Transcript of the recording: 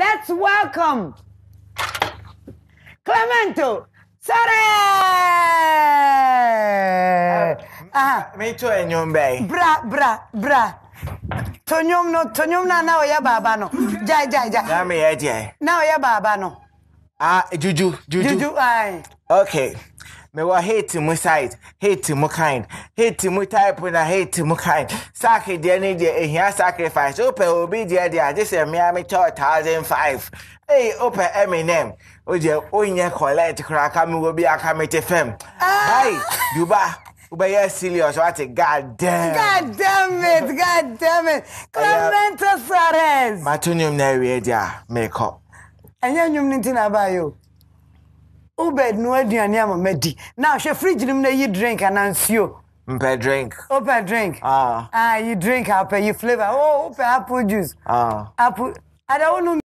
Let's welcome Clemento Sare! Aha. Uh, Meito enyombe. Eh, bra, bra, bra. Tonyom no, tonyom na na oya baba no. Jai, jai, jai. Dame ye eh, jai. Na oya baba no. Ah, juju, juju. Juju, aye. Okay. mewɔ hate mu side, hate mu kind hate mu type na hate mu kind sake deɛ ne deɛ ehia eh, sacrifice wopɛ obi deɛ deɛ agye sɛ mmea metɔ thousand five ee wopɛ eminem o deɛ onyɛ collect koraa ka mi wɔ bi aka mi te fam bayi ah! duba wobɛyɛ serious wate god damn god damn it god damn it clemente suarez mato nnwom na awie deɛ a mekɔ ɛnyɛ nnwom no nti Ubed no aduane ama madi na hwɛ fridge no mu na yi drink anaa nsuo mpɛ drink wopɛ drink ah. ah, you drink apɛ you flavor oh, wopɛ apple juice ah. apple ada wonom